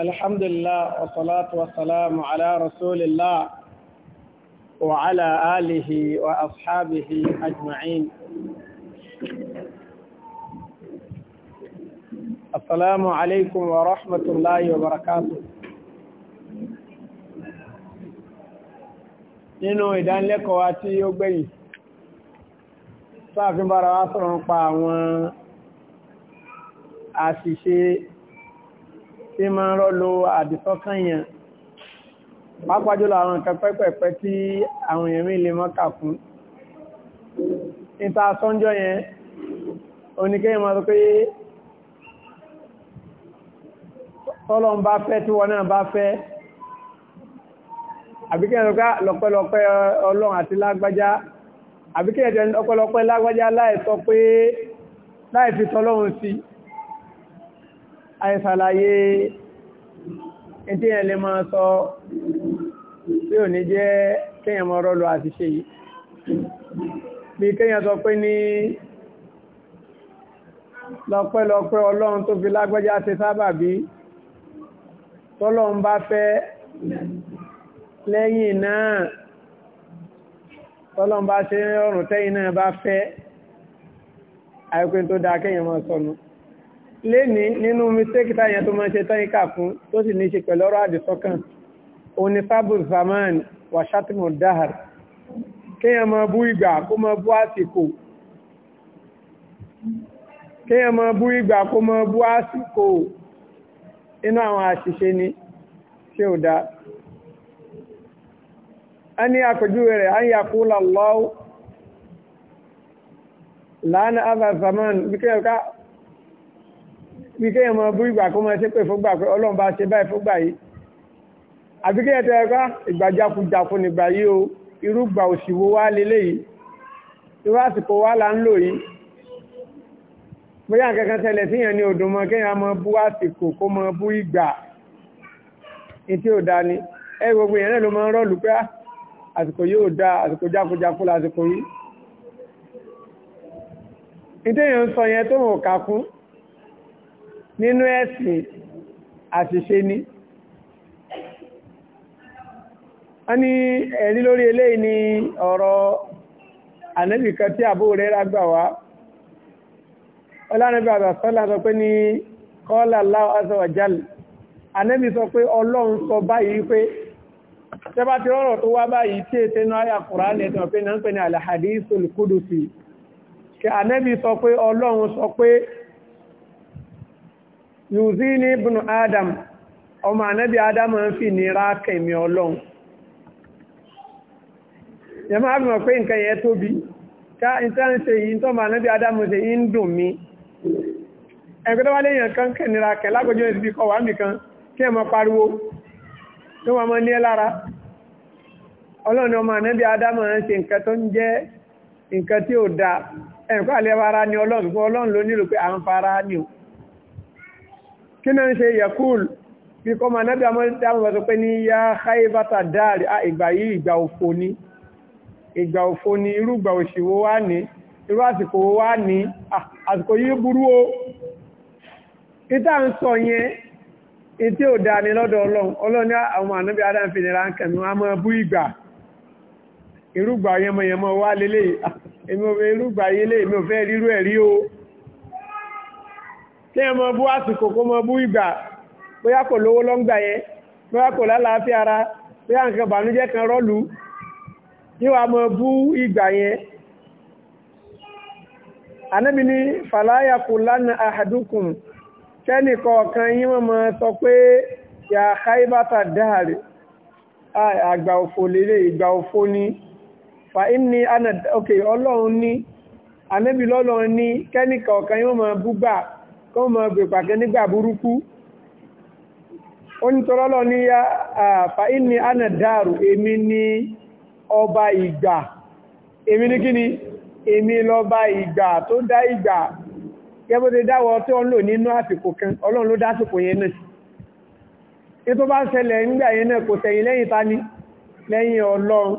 الحمد لله والصلاة والسلام على رسول الله وعلى آله وأصحابه أجمعين السلام عليكم ورحمة الله وبركاته nínú ìdánilẹ́kọ̀ọ́ wa tí ó gbẹ̀yìn sáàfin bára wá sọ̀rọ̀ nípa àwọn àṣìṣe tí ma ń rọ́lò àdìsọ́kàn yẹn pápájúlọ àwọn nǹkan pẹ́pẹ̀pẹ́ tí àwọn èèyàn mi lè mọ́kà fún níta sọ́njọ́ yẹn oníkéyìn máa tó pé tọ́lọ́ ń bá fẹ́ tí wọ́n náà bá fẹ́ àbíkẹ́yìn ah, lọ́pẹ́lọpẹ́ ọlọ́run àti lágbájá àbíkẹ́yìn ọpẹ́lọpẹ́ lágbájá láì sọ àìsàlàyé ẹ̀tí ẹ̀lẹ́ máa sọ tí ò ní jẹ́ kíyàn mọ́ rọ́lù àti ṣe yìí bí kíyàn sọ pé ní lọ́pẹ́lọpẹ́ ọlọ́run tó fi lágbẹ́já ti sábàbí tọ́lọ́run bá fẹ́ lẹ́yìn náà tọ́lọ́run bá ṣe rọrùn tẹ́yìn náà bá fẹ́ àìkú tó dáa kíyàn mọ́ sọnù léni nínú mistake táyẹn tó máa ṣe tán ìkà fún tó sì ní ṣe pẹ̀lú ọ̀rọ̀ àdìsọ́kàn òun zaman wà ṣátìmù dáhàr kéèyàn máa bú ìgbà kó máa bú àsìkò kéèyàn máa bú ìgbà kó máa bú àsìkò inú àwọn àṣìṣe ni tí ó dá a ní àpèjúwe rẹ̀ a ń yà kú lọ́wọ́ láàánú abba zaman bí kéèyàn ká bí kéèyàn mọ bú ìgbà kó mọ ẹsẹ pé fúgbà pé ọlọ́run bá ṣe báyìí fúgbà yìí àbí kéèyàn tẹ ẹgbá ìgbà jákujàku nígbà yìí o irú gbà òṣìwò wá leléyìí irú àsìkò wá là ń lò yìí bóyá kankan tẹlẹ síyàn ní odò mọ kéèyàn mọ bú àsìkò kó mọ bú ìgbà etí ò dání ẹ gbogbo yẹn náà ló máa ń rọ́ọ̀lù pé ah, àsìkò yóò da àsìkò jákujàku lásìkò yìí nítorí yẹn sọ yẹn tó ń kà fún. nínú ẹ̀sìn àṣìṣe ni a ní ẹ̀rí lórí eléyìí ni ọ̀rọ̀ ànẹ́bìkan tí àbó rẹ̀ rágbà wá ọlánàbí àbàsọ́lá sọ pé ní kọ́ọ́lá láwọ́ azọ́wàjálì ànẹ́bì sọ pé ọlọ́run sọ báyìí pé tẹ́bá ti rọ́rọ̀ tó wá báyìí tí ètè náà yà kùránì ẹ̀tàn pé náà ń pè ní alhadisul kudusi kí ànẹ́bì sọ pé ọlọ́run sọ pé Yuzi ni ibnu adam ọmọ ànábì adam ń fi nira kẹ̀mí ọlọ́run yẹn máa bìmọ̀ pé nǹkan yẹn tóbi ká ìtàn ṣe yìí tó mọ̀ ànábì adam ṣe yìí ń dùn mí ẹgbẹ́ tó wá léèyàn kan kẹ̀nira kẹ̀ lágbójú ẹ̀ síbi kọ wà nìkan kí ẹ mọ pariwo tó wà mọ ní ẹ lára ọlọ́run ọmọ ànábì adam ń ṣe nǹkan tó ń jẹ́ nǹkan tí ò dáa ẹ̀kọ́ àlẹ́ ara ni ọlọ́run fún ọlọ́run ló nílò pé à ń fara ni o kí náà ń ṣe yakul bí kọ́ máa nábì àmọ́ dáhùn bá sọ pé ní yá haibata dáàrí à ìgbà yìí ìgbà òfò ni ìgbà òfò ni irú ìgbà òṣìwò wá ní irú àsìkò wá ní ah, àsìkò yìí burú o ìta ń sọ yẹn ìtí ò dáa ní lọ́dọ̀ ọlọ́run ọlọ́run àwọn ànábì adam fi nira ń wọn a máa bú ìgbà irúgbà yẹmọyẹmọ wá lélẹ̀ ah, irúgbà yẹlẹ̀ mi ò fẹ́ rírú ẹ̀ o kí ẹ mọ bú àsìkò kó mọ bú ìgbà bóyá kò lówó lọ́ngbà yẹn bóyá kò lálàáfíà ara bóyá nǹkan bànújẹ́ kan rọ́ọ̀lù yóò wá mọ bú ìgbà yẹn. ànábì ní fàlàyà kò lánà àhàdùkùn kẹ́nì kọ̀ọ̀kan yín wọ́n mọ sọ pé yà káíbàtà dáàrí àgbà òfò lélẹ̀ ìgbà òfò ni fa inni ana ok ọlọ́run ní ànábì lọ́lọ́run ní kẹ́nì kọ̀ọ̀kan yín wọ́n mọ bú gbà kó mọ̀ pèpàkẹ́ nígbà burúkú ó ní yá àfà ìní ànàdáàrù èmi ní ọba ìgbà èmi ní kíni èmi lọ́ba ìgbà tó dá ìgbà gẹ́gbẹ́dẹ́ dáwọ́ tí wọ́n lò nínú àsìkò kan ọlọ́run ló dá yẹn náà ní tó bá nígbà yẹn náà kò lẹ́yìn lẹ́yìn ọlọ́run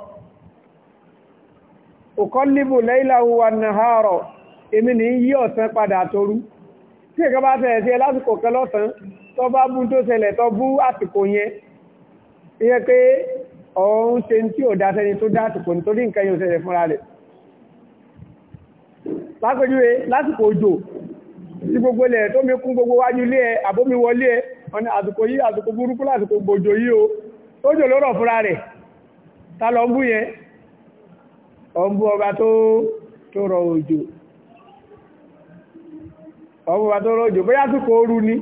òkọ́ níbò lẹ́yìn tí ẹ̀kọ́ bá tẹ̀lẹ̀ sí ẹ lásìkò kan lọ́sàn tó bá bú tó ṣẹlẹ̀ tó bú àsìkò yẹn ìyẹn pé ọ̀hún ṣe tí ò dáṣẹ́ni tó dá àsìkò nítorí nǹkan yóò ṣẹlẹ̀ fúnra rẹ̀ lápẹjúwe lásìkò òjò tí gbogbo ilẹ̀ tó mi kún gbogbo wájú ilé ẹ àbómi wọlé ẹ ọ̀nà àsìkò yìí àsìkò burúkú lásìkò gbòjò yìí o tó jò lórọ̀ fúnra rẹ̀ ta lọ bú yẹn ọ̀ ń bú ọba tó rọ òjò ọgbọ̀gbà tó rọ́jò bóyá àsìkò ooru ni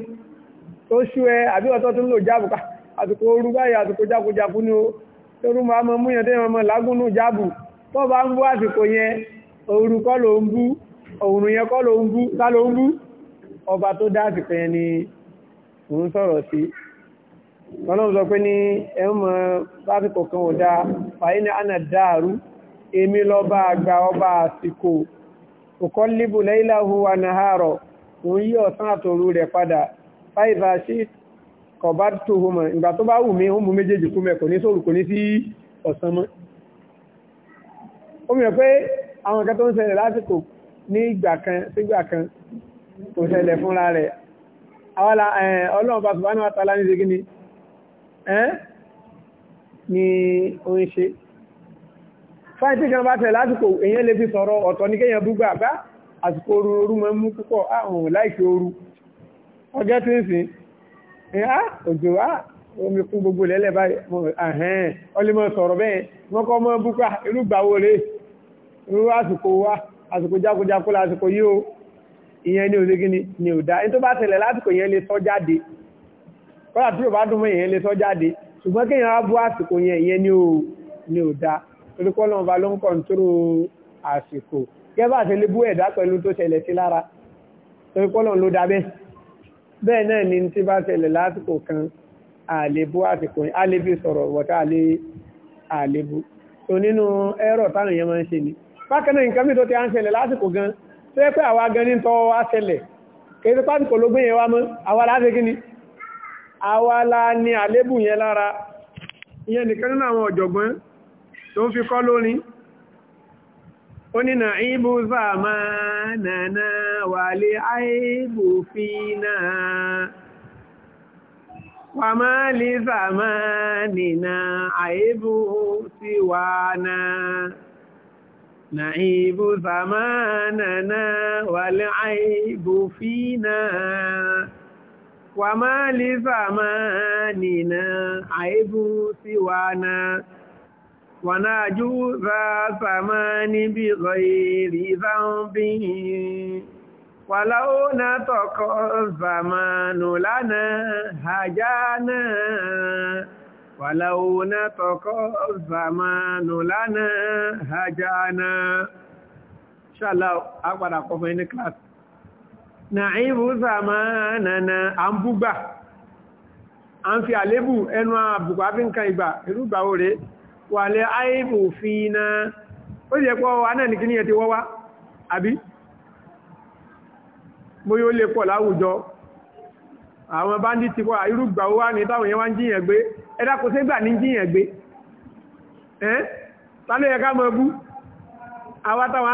tó ṣú ẹ àbí ọ̀tọ́ tó ń lò jáàbù ká àsìkò ooru báyìí àsìkò jákujáku ni ó torú máa mọ múyàn ọmọ lágúnnù jáàbù tó bá ń bú àsìkò yẹn ooru kọ́ ló ń bú òòrùn yẹn kọ́ ló ń bú ló ń bú ọba tó dá àsìkò yẹn ni òun sọ̀rọ̀ sí ọlọ́run sọ pé ní kan ò dáa ní ọba mo ń yí ọ̀sán àtòru rẹ̀ padà fáìfà sí kọ̀bá tó hó mọ̀ ìgbà tó bá wù mí ó mú méjèèjì kú mẹ́ kò ní sóòrù kò ní sí ọ̀sán mọ́ ó mọ̀ pé àwọn kan tó ń ṣẹlẹ̀ lásìkò ní ìgbà kan sígbà kan kò ṣẹlẹ̀ fúnra rẹ̀ àwọn ọlọ́run bá subhanahu wa ní ṣe ni o ń ṣe fáìtì kan bá tẹ̀ lásìkò èyàn lè fi sọ̀rọ̀ ọ̀tọ̀ ní kéyàn búgbà bá àsìkò oru oru mọ́ mú púpọ̀ àwọn ah, láìsí oru ọjọ́ tí ń sìn ẹ̀ á ah, òjò á ah, omi kún gbogbo lẹ́lẹ̀ báyìí àhẹ́n ọlẹ́mọ̀ sọ̀rọ̀ bẹ́ẹ̀ wọ́n kọ́ mọ́ búkà irúgbàwó rẹ̀ irú àsìkò wá àsìkò jákójákó lásìkò yìí o ìyẹn ní òsèkí ni ò dá ẹni tó bá tẹ̀lẹ̀ lásìkò lọ́nà ló àsìkò kẹ́bà ṣe lè bú ẹ̀dá pẹ̀lú tó ṣẹlẹ̀ sí lára torí pọ́lọ̀ ló dá bẹ́ẹ̀ bẹ́ẹ̀ náà ni tí bá ṣẹlẹ̀ lásìkò kan àlébú àsìkò àlébí sọ̀rọ̀ wọ̀tá àlébú tó nínú ẹ̀rọ táwọn èèyàn máa ń ṣe ni bákan náà nǹkan mìíràn tó ti à ń ṣẹlẹ̀ lásìkò gan tó yẹ pé àwa gan ní tọ́ wá ṣẹlẹ̀ kèsì pásìkò ló gbé yẹn wá mọ́ àwa láti kí ni àwa la ní àlébù yẹn lára ìyẹn nìkan nínú àwọn ọ̀jọ̀gbọ́n tó ń fi kọ́ lórin onínà ìbú fàmà nànà wàlé àìbù fínà wàmà lè fàmà nìna àìbù síwánà nà ìbú fàmà nànà wàlé àìbù fínà wàmà lè fàmà nìna àìbù síwánà وناجوذا ثمان بغير ذنب ولو نطق الزمان لنا هجانا ولو نطق الزمان لنا هجانا إن شاء الله أقعد أقف هنا كلاس نعيب زماننا أنبوبا أنفي عليبو أنوا بوبا بنكايبا إلو باوري wà lẹ́ àìbò fi iná ó jẹ́ pọ́ wa náà ní kí ní ẹ̀ ti wọ́ wá àbí bóyí ó lè pọ̀ láwùjọ àwọn bandit ti pọ̀ irúgbà ó wá ní táwọn yẹn wá ń jíyàn gbé ẹ̀dá kò sí gbà ní jíyàn gbé ẹ́ tálẹ́ ẹ̀ká mọ́ bú ó wá ó wá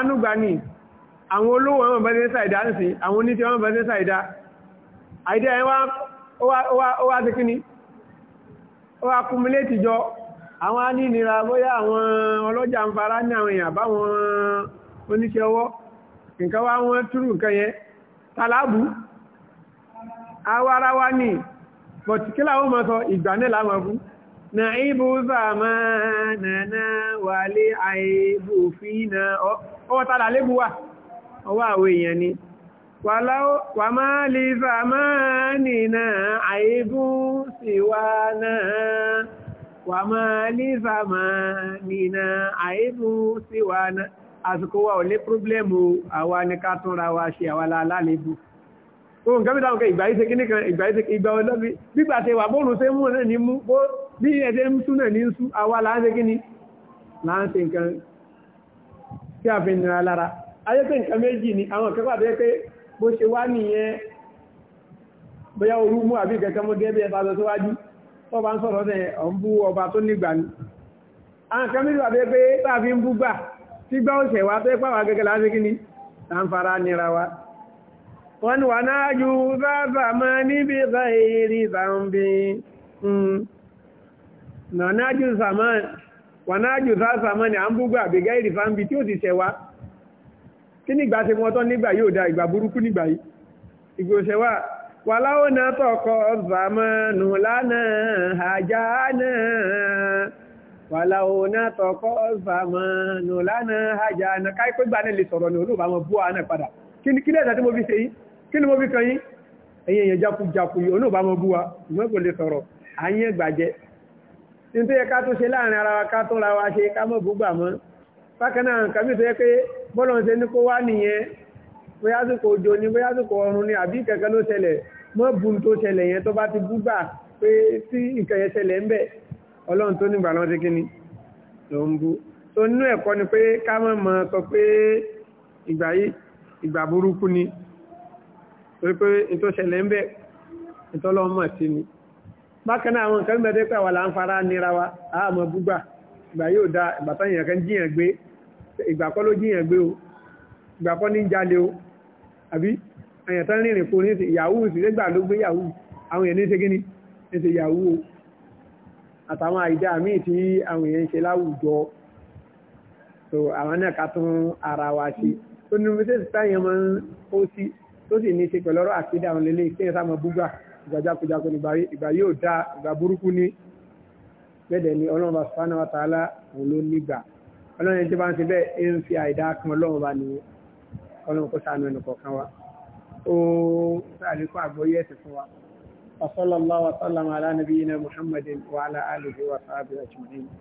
àwọn anínira bóyá àwọn ọlọ́jà ń fara ní àwọn èèyàn báwọn oníṣẹ́ ọwọ́ nǹkan wá wọ́n túrù nǹkan yẹn awara ní bọ̀tíkílà ó ìgbà fún na ibu fínà ọwọ́ lébù wà ni wà máa lè wàmọ́ lífàmà nìna àìbù sí wa àsìkò wa ò lé pírọ́blẹ́mù àwa ni ká túnra wa ṣe àwa lálálébù ohun kẹ́mítà ọkọ̀ ìgbàyíṣẹ́ kí nìkan ìgbàyíṣẹ́ ìgbà ọlọ́bí gbígbà tẹ wà bóòrùn sí mú náà ní mú bó bí ẹ̀ṣẹ́ ń sún náà ní ń àwa láńṣe kí ni láńṣe nǹkan tí a fi nira lára ayẹ́pẹ́ nǹkan méjì ni àwọn kẹ́kọ̀ọ́ àti pé bó ṣe wá nìyẹn bóyá orú mú àbí kẹ́kẹ́ mú gẹ́gẹ́ bí tó bá ń sọ̀rọ̀ rẹ̀ ọ̀nbú ọba tó nígbà ní àwọn kan mílíọ̀ àbẹ́ pé tàbí ń búgbà tí gbá òṣẹ̀ wá pé pàwà gẹ́gẹ́ láti kí ni tàǹfàrà nira wa wọ́n wà náà ju bàbà mọ́ níbi ìrì zambi hmm. nàná ju zaman wà náà ju zaman ni à ń búgbà àbẹ̀gẹ́ ìrì zambi tí ó ti ṣẹ̀ wá kí nígbà tí wọ́n tọ́ nígbà yóò da ìgbà burúkú nígbà yìí ìgbòṣẹ̀ wà wàláwò náà tọ̀kọ̀ zàmánù lánàá àjánà wàláwò náà tọ̀kọ̀ zàmánù lánàá àjánà káípẹ́ gbà náà lè sọ̀rọ̀ ní olóòbá mọ̀ bú àánà padà kí ni ẹ̀dà tí mo fi ṣe yí kí ni mo fi kan yí ẹ̀yìn èèyàn jákujáku yìí olóòbá mọ̀ bú wa ìmọ̀ kò lè sọ̀rọ̀ àyín ẹgbàjẹ́ nítorí ká bóyá àsìkò òjò ni bóyá àsìkò ọrùn ni àbí kẹ̀kẹ́ ló ṣẹlẹ̀ mọ́ bùn tó ṣẹlẹ̀ yẹn tó bá ti bú gbà pé tí nǹkan yẹn ṣẹlẹ̀ ń bẹ ọlọ́run tó nígbà lọ́wọ́ ti kí ni ló ń bú tó nínú ẹ̀kọ́ ni pé ká mọ̀ mọ̀ sọ pé ìgbà yìí ìgbà burúkú ni torí pé ètò ṣẹlẹ̀ ń bẹ ètò ọlọ́run mọ̀ sí ni bákan náà àwọn nǹkan mẹ́tẹ́ pé àwa là ń fara nira da ìgbà táyìn kan jíyàn gbé ìgbà kọ́ ló jíyàn gbé o ìgbà kọ́ ní jalè o àbí àyàn tán rìnrìn kò ní ṣe yahoo sì lẹ́gbà ló gbé yahoo àwọn èèyàn ní ṣe kíní ní ṣe yahoo àtàwọn àìdá míì tí àwọn èèyàn ṣe láwùjọ so àwọn náà ká tún ara wa ṣe tó ní bí sẹ́sì táyẹn máa ń kó sí tó sì ní ṣe pẹ̀lú ọ̀rọ̀ àkídà àwọn lélẹ̀ kí ẹ̀sà mọ búgbà ìgbàjákujàku ní ìgbà yóò dá ìgbà burúkú ní bẹ́ẹ̀ ni ọlọ́run bá sùpánà wa tààlà òun ló nígbà ọlọ́run kọ́lọ́mù kó sànú ẹnu kọ̀ọ̀kan wa ó sàlékún àgbọ́yé ẹ̀sìn fún wa wa sallallahu wa sallama ala nabiyyina muhammadin wa